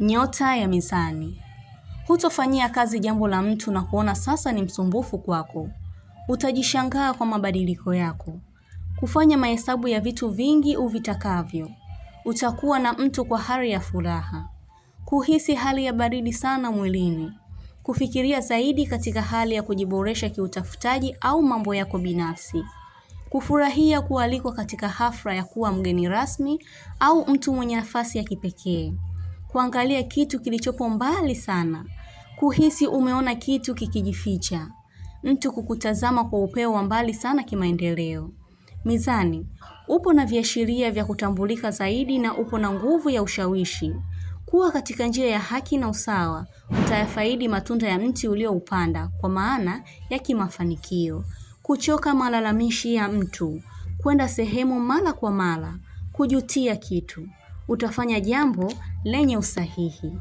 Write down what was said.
Nyota ya mizani. Hutofanyia kazi jambo la mtu na kuona sasa ni msumbufu kwako. Utajishangaa kwa mabadiliko yako. Kufanya mahesabu ya vitu vingi uvitakavyo. Utakuwa na mtu kwa hali ya furaha. Kuhisi hali ya baridi sana mwilini. Kufikiria zaidi katika hali ya kujiboresha kiutafutaji au mambo yako binafsi. Kufurahia kualikwa katika hafla ya kuwa mgeni rasmi au mtu mwenye nafasi ya kipekee kuangalia kitu kilichopo mbali sana, kuhisi umeona kitu kikijificha, mtu kukutazama kwa upeo wa mbali sana kimaendeleo. Mizani, upo na viashiria vya kutambulika zaidi na upo na nguvu ya ushawishi. Kuwa katika njia ya haki na usawa, utayafaidi matunda ya mti ulioupanda kwa maana ya kimafanikio. Kuchoka malalamishi ya mtu, kwenda sehemu mara kwa mara, kujutia kitu utafanya jambo lenye usahihi.